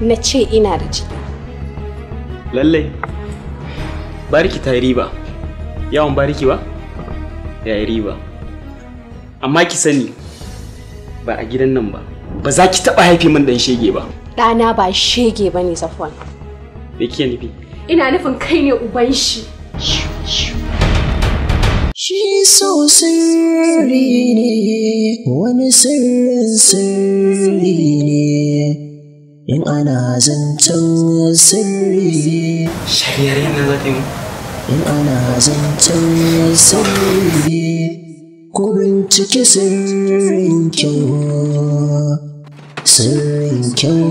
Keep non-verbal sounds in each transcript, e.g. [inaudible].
na ce ina da ciki. Lallai, bariki ta yi riba, yawon bariki ba? Ya yi riba. Amma ki sani ba a gidan nan ba, ba za ki taɓa haife min ɗan shege ba. Ɗana ba shege ba ne Safwan. Me kike nufi? Ina nufin kai ne uban shi. Shi so sirri ne, wani sirrin sirri ne. in ana zancen sirri shari'ar yana zafin ta in ana zancen sirri ku bincike sirrin kyau sirrin kyau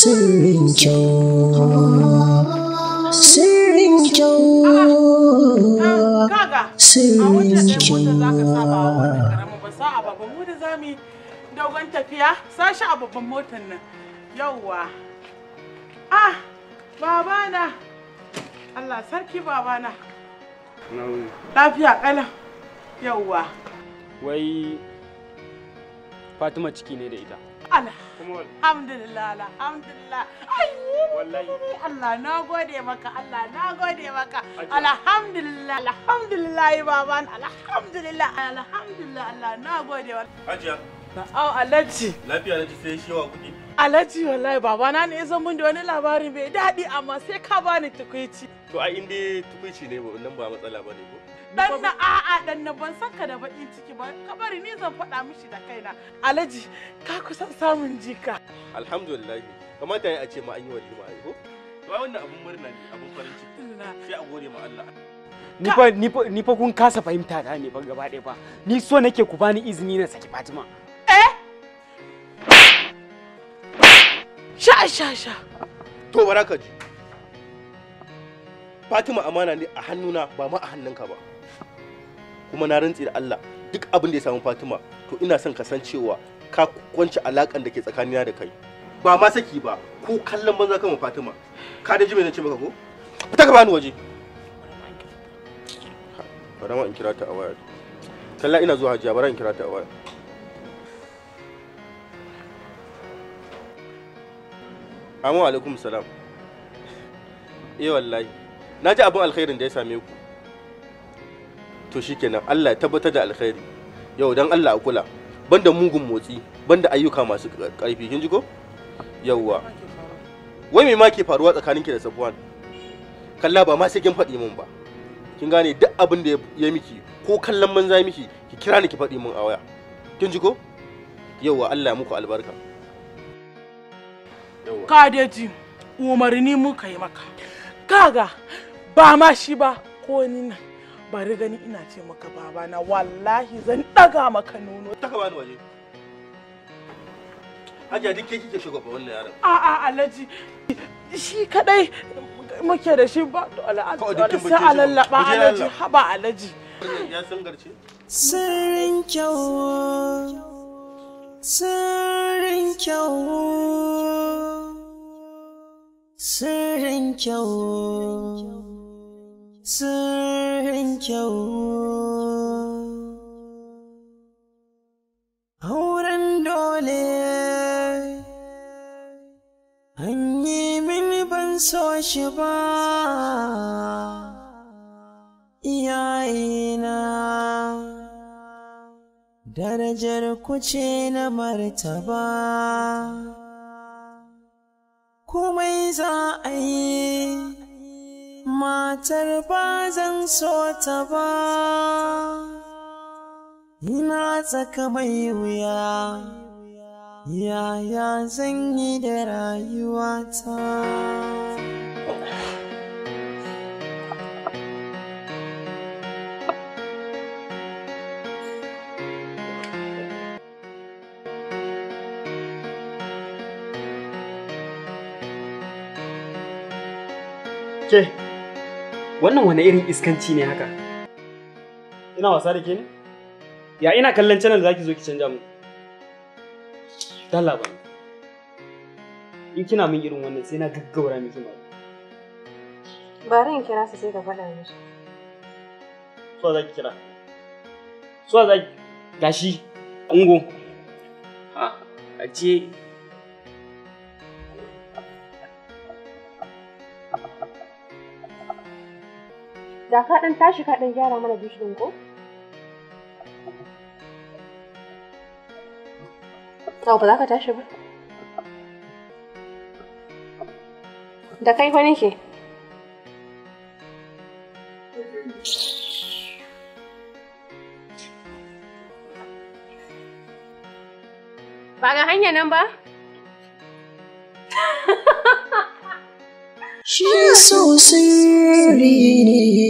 sirrin kyau sirrin kyau sirrin kyau dogon tafiya sashi a babban motar nan yauwa ah babana allah sarki babana lafiya kalan yauwa wai fatima ciki ne da ita alhamdulillah alhamdulillah ai Allah na gode maka Allah na gode maka alhamdulillah alhamdulillah baban alhamdulillah alhamdulillah Allah na gode maka. hajiya Na'am Alhaji. Lafiya na sai shi wa kuɗi. Alhaji wallahi babana ne zan mun da wani labarin bai daɗi amma sai ka bani tukuici. To a inda tukuici ne nan ba matsala ba ne ko? Dan na a'a dan na ban san ka da baƙin ciki ba ka bari ni zan faɗa mishi da kaina. Alhaji ka kusan samun jika. Alhamdulillah kamata ya a ce ma an yi walima ai ko? To wannan abun murna ne abun farin ciki. Sai a gode ma Allah. Ni fa kun kasa fahimta da ne ba gaba ɗaya ba. Ni so nake ku bani izini na saki Fatima. Sha sha sha. To baraka ji. Fatima amana ne a hannuna ba ma a hannunka ba. Kuma na rantsi da Allah duk abin da ya samu Fatima to ina son kasancewa ka kwanci alakan da ke tsakanina da kai. Ba ma saki ba ko kallon banza kan Fatima. Ka da ji me nace maka ko? Fita ka bani waje. Bara ma in kira ta a waya. Kalla ina zuwa hajiya bara in kira ta a waya. Amu alaikum salam. Eh wallahi. Na ji abin alkhairin da ya same ku. To shikenan Allah ya tabbatar da alkhairi. Yau dan Allah a kula. Banda mugun motsi, banda ayyuka masu karfi kin ji ko? Yawwa. Wai me ma ke faruwa tsakaninki da Safwan? Kalla ba ma sai kin faɗi min ba. Kin gane duk abin da ya miki ko kallon banza miki ki kira ni ki faɗi min a waya. Kin ji ko? Yawwa Allah ya muku albarka. ka daji umarni muka yi maka kaga ba ma shi ba ko ni nan bari gani ina ce maka baba na wallahi zan daga maka nono ta ka bani waje Hajiya duk ke kike shugaba wannan yaron. a alaji shi kadai muke da shi ba to alaji sai a lallaba Alhaji haba alaji Ya san garce Sirrin kyau. sirrin kyau sirrin kyau sirrin kyau auren dole an yi min ban so shi ba darajar ku ce na martaba komai za a yi matar ba zan so ta ba ina tsaka mai wuya yaya zan yi da rayuwata Ke, wannan wani irin iskanci ne haka? Ina wasa da ke ne? Ya ina kallon channel da zaki zo ki canja mu. Dalla In kina min irin wannan sai na gaggaura miki ma. ba in kira su sai ka faɗa mishi. Suwa zaki kira? Suwa zaki gashi ungo. Ha, ah, aje Da ka ɗan tashi ka ɗan gyara mana gishirin ko? Au, ba za ka tashi ba. Da kai fa nake. Ba ga hanya nan ba? Shi so sirri ne.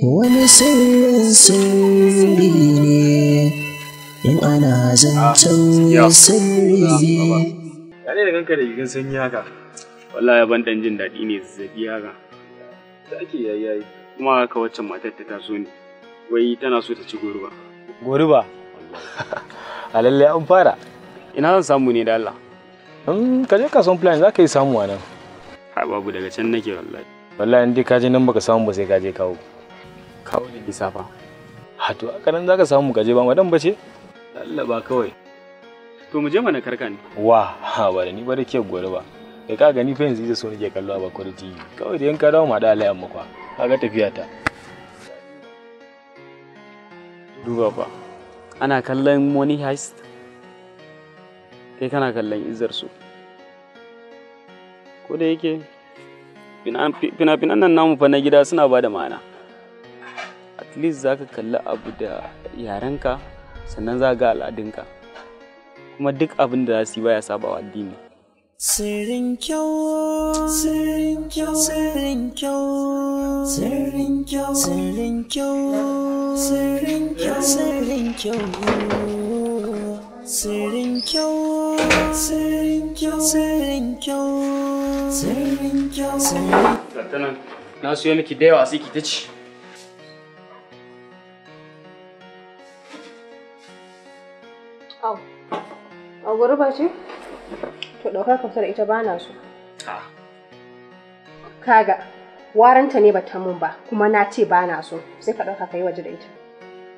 wani sirrin sauri ne in ana zancen ah, sauri. ne ya ne da kanka da gigan sanyi haka wallahi ban dan jin daɗi ne zazzabi haka da ake yayi kuma haka waccan matar ta taso ne wai tana so ta ci goruba goruba [laughs] a lalle an fara ina zan samu ne da Allah in ka je kasuwan plan za ka yi samu a nan ha babu daga can nake wallahi wallahi in dai ka je nan baka samu ba sai ka je kawo kawo da isa fa hato a kanan zaka samu gaje ba madan ce? Allah ba kawai to mu je mana karka ne wa ha ba da ni ba da ke gore ba kai ka gani fa yanzu so nake kallo ba kurti kawai da yanka dawo ma da Allah amma kwa kaga tafiya ta duba fa ana kallon money heist kai kana kallon izar su ko da yake fina-finan nan namu fa na gida suna ba da ma'ana at least za ka kalli abu da yarenka sannan za ga al'adunka kuma duk abin da za su yi baya sabawa addini sirrin kyau sirrin kyau sirrin na miki da yawa sai ki ta goruba ce? To ɗaukar kusa da ita ba na so. Ah. Kaga, waranta ne ba ta mun ba, kuma na ce ba na so, sai ka ɗauka ka yi waje da ita.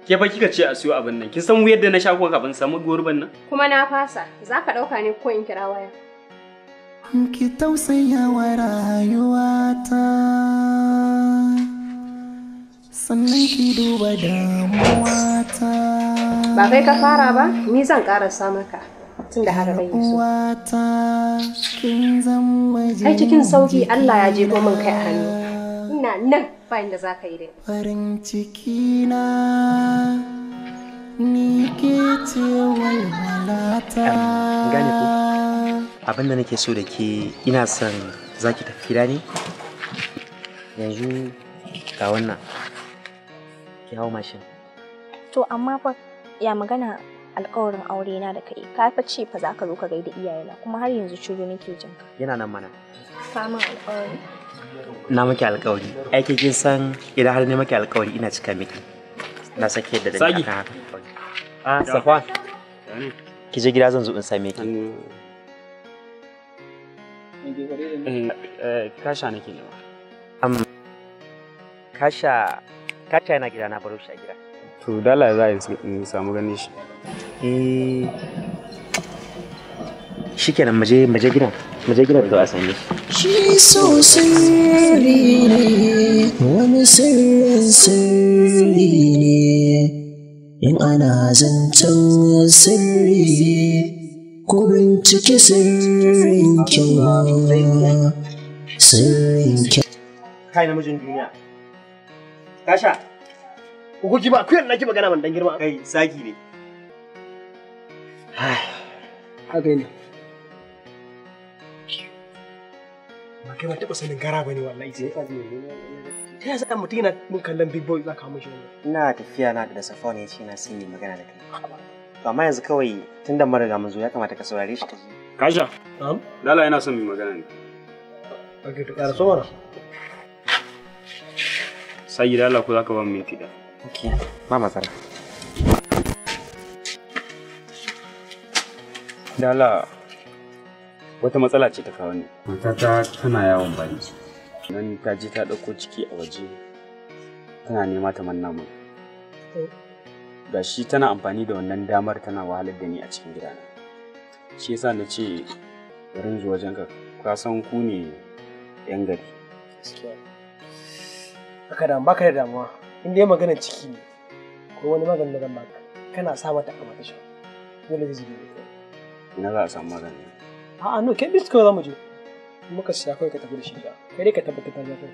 Ke ba kika ce a siyo abin nan, kin san wuyar da na sha kuka kafin samu goruban nan? Kuma na fasa, za ka ɗauka ne ko in kira waya. Ki tausaya wa rayuwata. sannan ki duba damuwata. Ba kai ka fara ba, ni zan ƙarasa maka. tun da har yi su ai cikin sauki Allah ya jefo min kai a hannu ina nan bayan da za ka yi dai. farin ciki na ni ke ce walwalata abin da nake so da ke ina son ki tafi gida ne yanzu ga wannan ki hau mashin to amma fa ya magana alkawarin aure na da kai ka fa ce fa za ka zo ka gaida iyayena kuma har yanzu shiru nake jin yana nan mana samu alkawari na muke alkawari ai kin san idan har ne muke alkawari ina cika miki na sake yadda da ni akan haka a ah, ki je gida zan zo in same ki eh, kasha nake nema kasha kasha yana gida na baro shi a gida to dala za a samu ganin shi eh ke maje maje gida, maje gida to a sani shi so sirri ne wani sirrin sirri ne in ana zancen sirri ko bincike sirrin kyau sirrin kyau kai namijin duniya kasha Gogoji ba akuyan naki magana man dan girma. Kai saki ne. Haka ne. Ba kai ban taɓa sanin gara ba ne wallahi sai ka Ta yasa ɗan mutum mun kallon Big Boy za ka mishi wannan. Ina tafiya na da Safon ne shi na sun magana da kai. To amma yanzu kawai tun da mun riga ya kamata ka saurare shi ka ji. Kasha. Lala yana son mu magana ne. Ake to ƙara so mana. Sai gida Allah ko za ka ba mu minti ba dala wata matsala ce ta kawo ne matata tana yawon bani nan ta je ta ɗauko ciki a waje tana nema ta manna mun ga shi tana amfani da wannan damar tana wahalar da ni a cikin gidana shi yasa na ce bari zuwa wajenka ka san ku ne yan gari haka da ka da damuwa in dai magana ciki ne ko wani maganin da baka kana sa mata a mata sha dole zai zubi ina za a samu magani a a no kai bisko za mu je muka shi akwai ka tafi da shi ja kai dai ka tabbatar da kai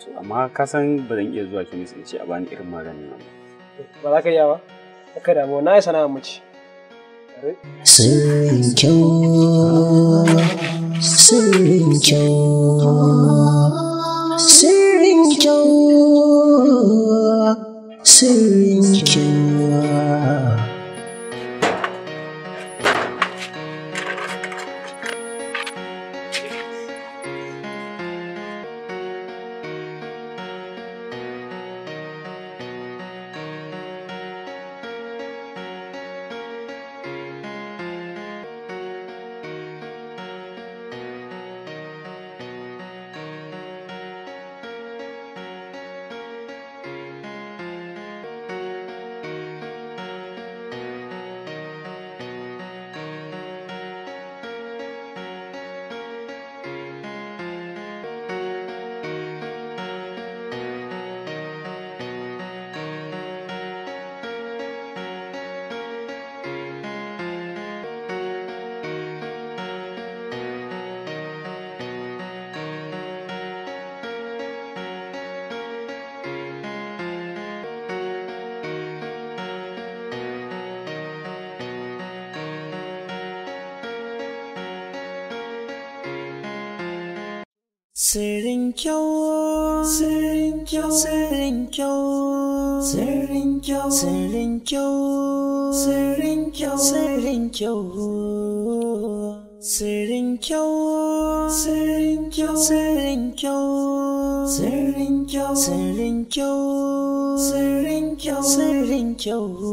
to amma ka san ba zan iya zuwa kemis in ce a bani irin magani ba ba za ka yawa ba ka mu na yi sana'a mace sirrin kyau sirrin kyau sirrin kyau see sirin kyau, sirin kyau, sirin kyau, sirin kyau, sirin kyau, sirin kyau, sirin kyau. sirin kyau, sirin kyau, sirin kyau, sirin kyau, kyau, kyau, kyau.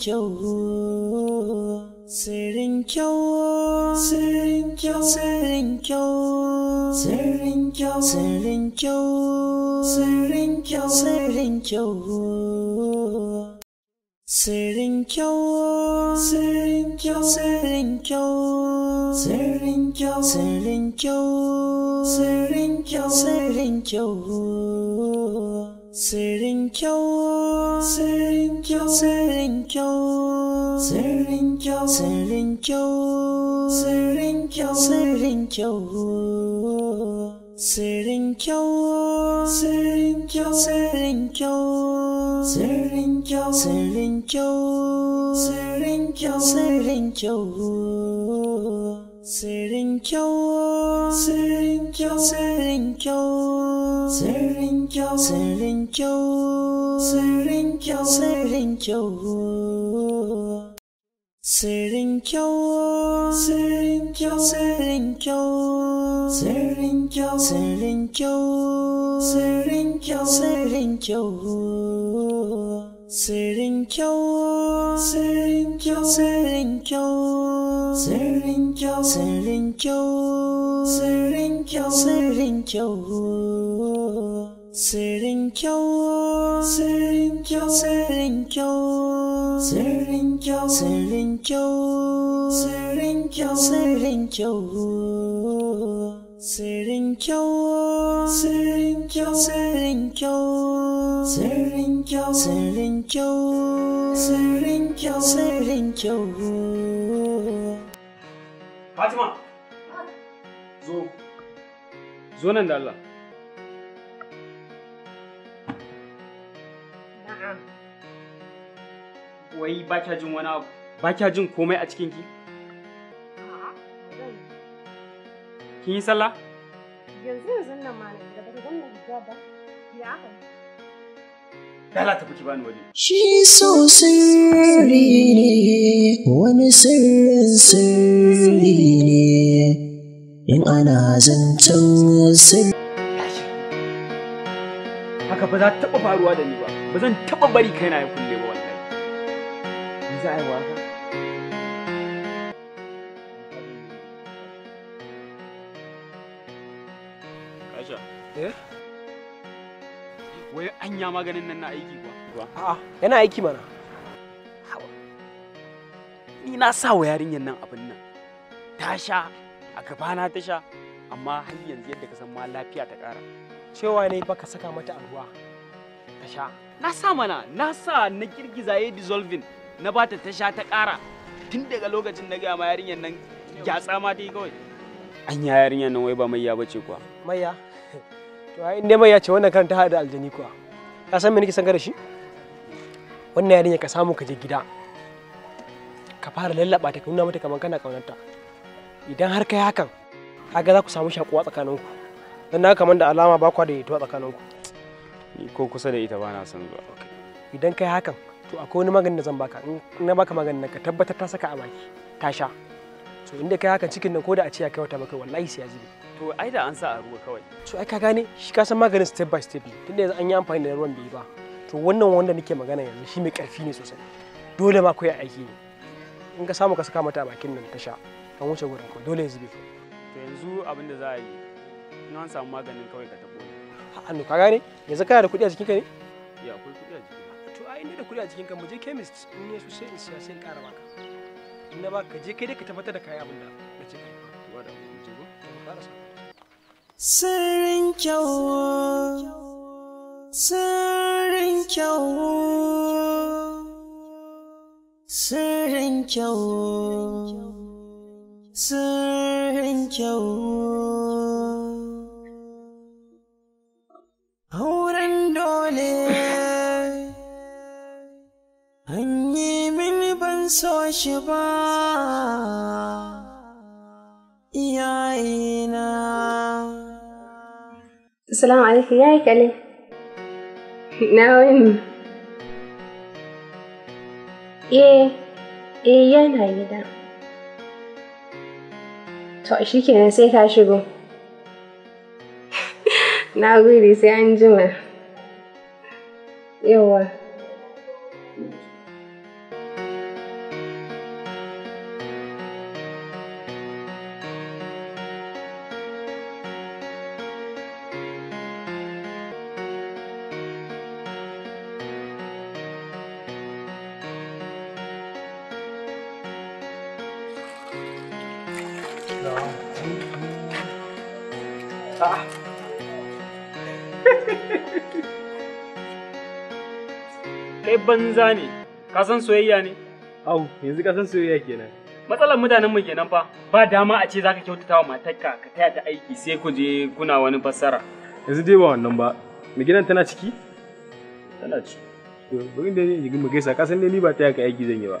sirrin kyau sirrin kyau sirrin kyau Sirin kyau, sirrin kyau, sirrin kyau, sirrin kyau, sirrin kyau, sirrin kyau, sirrin kyau. Sirrin kyau, sirrin kyau, sirrin kyau, sirrin kyau, sirrin kyau, sirrin kyau, sirrin kyau. Sirrin kyau, sirrin kyau, kyau, kyau sirrin kyau sirrin kyau sirrin kyau Sirrin kyau, kyau, kyau, kyau, kyau, kyau, Fatima, zo, zo nan da Allah. Wai ba kya jin wani abu? Ba kya jin komai a cikinki? Kin yi sallah? Yanzu yanzu nan malam da baka ganna ba. Ya haka. tafi ki bani waje. Shi so sirri ne, wani sirrin sirri ne. In ana zancen sirri. Haka ba za ta taɓa faruwa da ni ba, ba zan taɓa bari kaina ya kulle ba wani. za a Wai anya maganin nan na aiki kuwa? A'a, yana aiki mana. Ni na sa wa yarinyar nan abin nan. Ta sha a gabana ta sha amma har yanzu yadda ka san ma lafiya ta ƙara. Cewa ne baka saka mata a ruwa ta sha. Na sa mana, na sa na girgiza ya dissolving na ba ta tasha ta ƙara tun daga lokacin na gaya ma yarinyar nan gyatsa ma dai kawai an yi yarinyar nan wai ba maiya bace kuwa maiya to ai inda maiya ce wannan kan ta hada aljani kuwa ka san me nake san ka da shi wannan yarinya ka samu ka je gida ka fara lallaba ta ka nuna mata kamar kana kaunarta idan har kai hakan kaga za ku samu shakuwa tsakaninku dan na kamar da alama ba kwa da yato tsakaninku ni ko kusa da ita ba na son zuwa idan kai hakan to akwai wani maganin da zan baka in na baka maganin ka tabbatar ta saka a baki ta sha to inda kai haka cikin nan ko da a ce ya kai wata bakwai wallahi sai ya zube to ai da an sa a ruwa kawai to ai ka gane shi ka san maganin step by step ne tunda yanzu an yi amfani da ruwan bai ba to wannan wanda nake magana yanzu shi mai karfi ne sosai dole ma ya aiki ne in ka samu ka saka mata a bakin nan ta sha kan wuce gurin ko dole ya zube to yanzu abin da za a yi in an samu maganin kawai ka tabo annu ka gane yanzu kana da kuɗi a jikinka ne ya akwai kuɗi a jikinka ai ni da kuri a jikin ka mu je chemist in yaso sai in siya sai in ƙara baka in na baka je kai dai ka tabbatar da kayi abin da na ce kai ba da mu je go fara sa sirrin kyawu sirrin kyawu sirrin kyawu sirrin kyawu so shi ba iyayena. Assalamu alaikum ya yi kale. Na wani. Eh, eh yana gida. To shi kenan sai ka shigo. [laughs] Na gode sai an jima. Yawwa. [laughs] Kai banza ne, ka san soyayya ne? Au, yanzu ka san soyayya kenan. Matsalar mutanenmu kenan fa, ba dama a ce za ka kyautata wa matarka ka taya ta aiki sai ku je kuna wani fassara. Yanzu dai ba wannan ba, mai gidan tana ciki? Tana ciki. Bari da ne mu gaisa, ka san ni ba ta yaka aiki zan yi ba.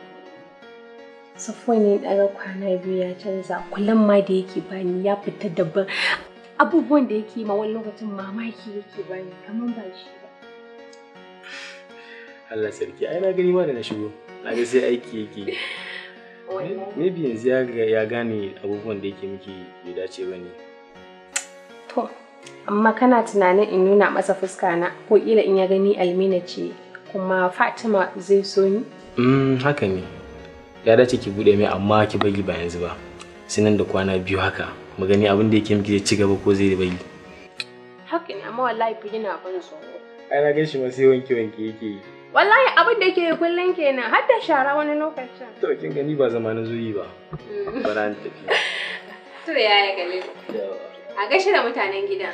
Safuwa ne kwana biyu ya canza kullum ma da yake bani ya fita daban abubuwan da yake ma wani lokacin mamaki yake bani kamar ba shi ba. Allah sarki ai na gani ma da na shigo na ga sai aiki yake. Maybe yanzu ya gane abubuwan da yake miki bai dace ba ne. To, amma kana tunanin in nuna masa fuska na ko kila in ya gani almina ce kuma Fatima zai so ni? Mm, haka ne. ya dace ki bude mai amma ki bari ba yanzu ba sai nan da kwana biyu haka mu gani abin da yake miki zai ci gaba ko zai bari haka ne amma wallahi fi na ban so ai na gashi ma sai wanke wanke yake wallahi abin da yake kullun kenan har da shara wani lokacin to kin gani ba zamanin zuyi ba mm. bara an tafi [laughs] to yaya gani a gashi da mutanen gida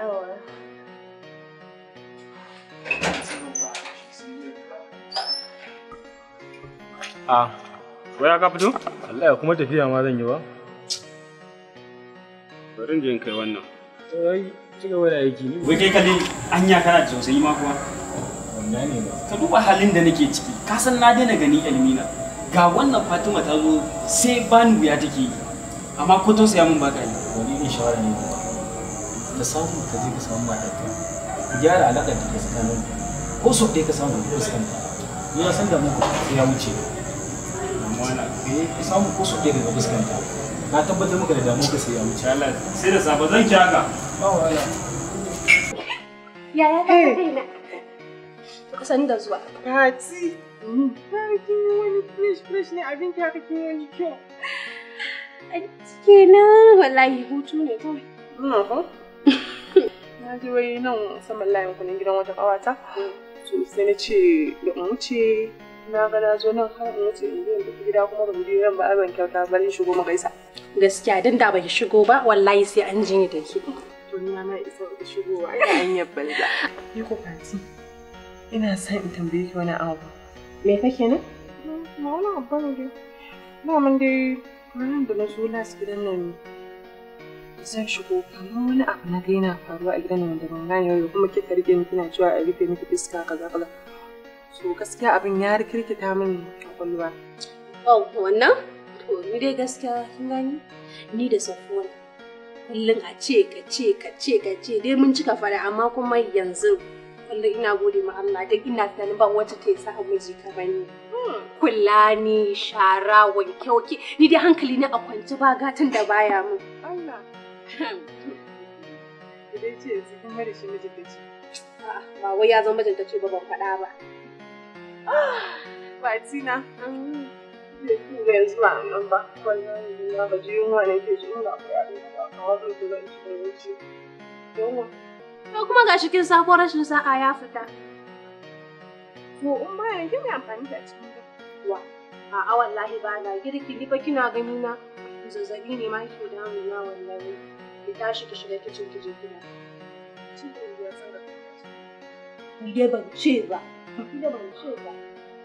Oh. A. Ah. Waya ka fito? Allah kuma tafiya ma zan yi ba. Bari in je kai wannan. Ai, ci gaba da aiki ne. Wai kai ka anya kana sosai ma kuwa. Wannan ne ba. Ka duba halin da nake ciki. Ka san na daina gani Elmina. Ga wannan Fatima ta zo sai bani wuya take yi. Amma ko tausaya mun ba ka yi. Wani ne shawara ne. Da samu ka je ka samu mata. Ku gyara alaƙar da ke tsakanin ko so dai ka samu fuskanta. Ni na san da mu ya wuce. eh ka samu ko soke daga fuskanta na tabbatar maka da damu ka sai ya wuce Allah sai da safa zan ki haka ba wala yaya ka kaina san da zuwa tati kin yi wani fresh fresh ne abin ki haka kin wani kyau kenan wallahi hutu ne kawai [laughs] na ji wai nan saman layin kunin gidan wata kawata hmm. sai na ce da ce. na ga na zo nan har da yace in yi gida kuma ban biyo yan ba ban kyauta bari shigo mu gaisa gaskiya dan da ban shigo ba wallahi sai an ji ni da ke to ni na isa da shigowa ina an yabbal da ni ko fati ina son in tambaye ki wani abu me kake nan na wani abu ne dai na mun dai ranar da na zo last gidan nan zan shigo kamar wani abu na ga yana faruwa a gidan nan da ban gane yau kuma kika rike ni kina cewa a rufe miki fuska kaza kaza so gaskiya abin ya rikirkita min kwakwalwa oh wannan to ni dai gaskiya kin gani ni da safuwan kullum a ce ka ce ka ce ka ce dai mun cika fara amma kuma yanzu kullum ina gode ma Allah duk ina tunanin ba wacce ta sa miji ka bani hmm. kula ni shara wanke wanke ni dai hankali ne a kwance ba tun da baya mu Allah [laughs] dai ce ba wai ya zama mijin ta ce ba ban faɗa ba Martina. Zai kuma na gaji ke jin kuma ga shi kin sako rashin sa'a ya fita. To in ba yanzu amfani da cikin A'a wallahi ba na girki ni kina gani na zazzabi ne ma yake damuna wallahi. Ki tashi ki shiga kicin ki je kina. Cikin ya tsara. Ni ba ce ba. Kila ban ce ba.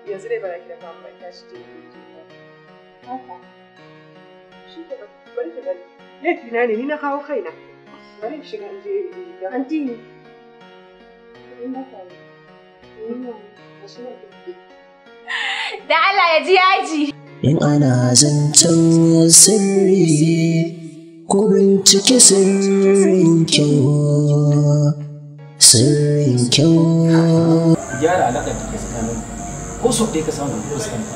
Yanzu dai bara ki da fama ta shi ce ki Haka. Shi ke bari ki na ne ni na kawo kaina. shiga Da Allah ya ji yaji. In ana zancen sirri ko bincike sirrin kyau, sirrin kyau. gyara alaƙar da ke tsakanin ko sau ɗaya ka samu da fuskanta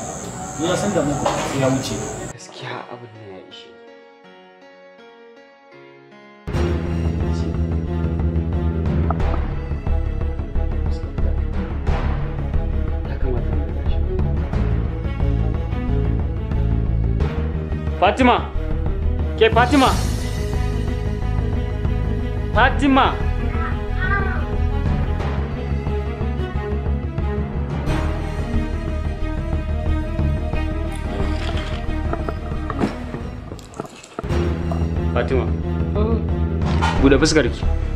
ya san da mu sai ya wuce gaskiya abin da ya ishe Fatima! Ke Fatima! Fatima! Fatima. Mm. Buɗe fuskar ki.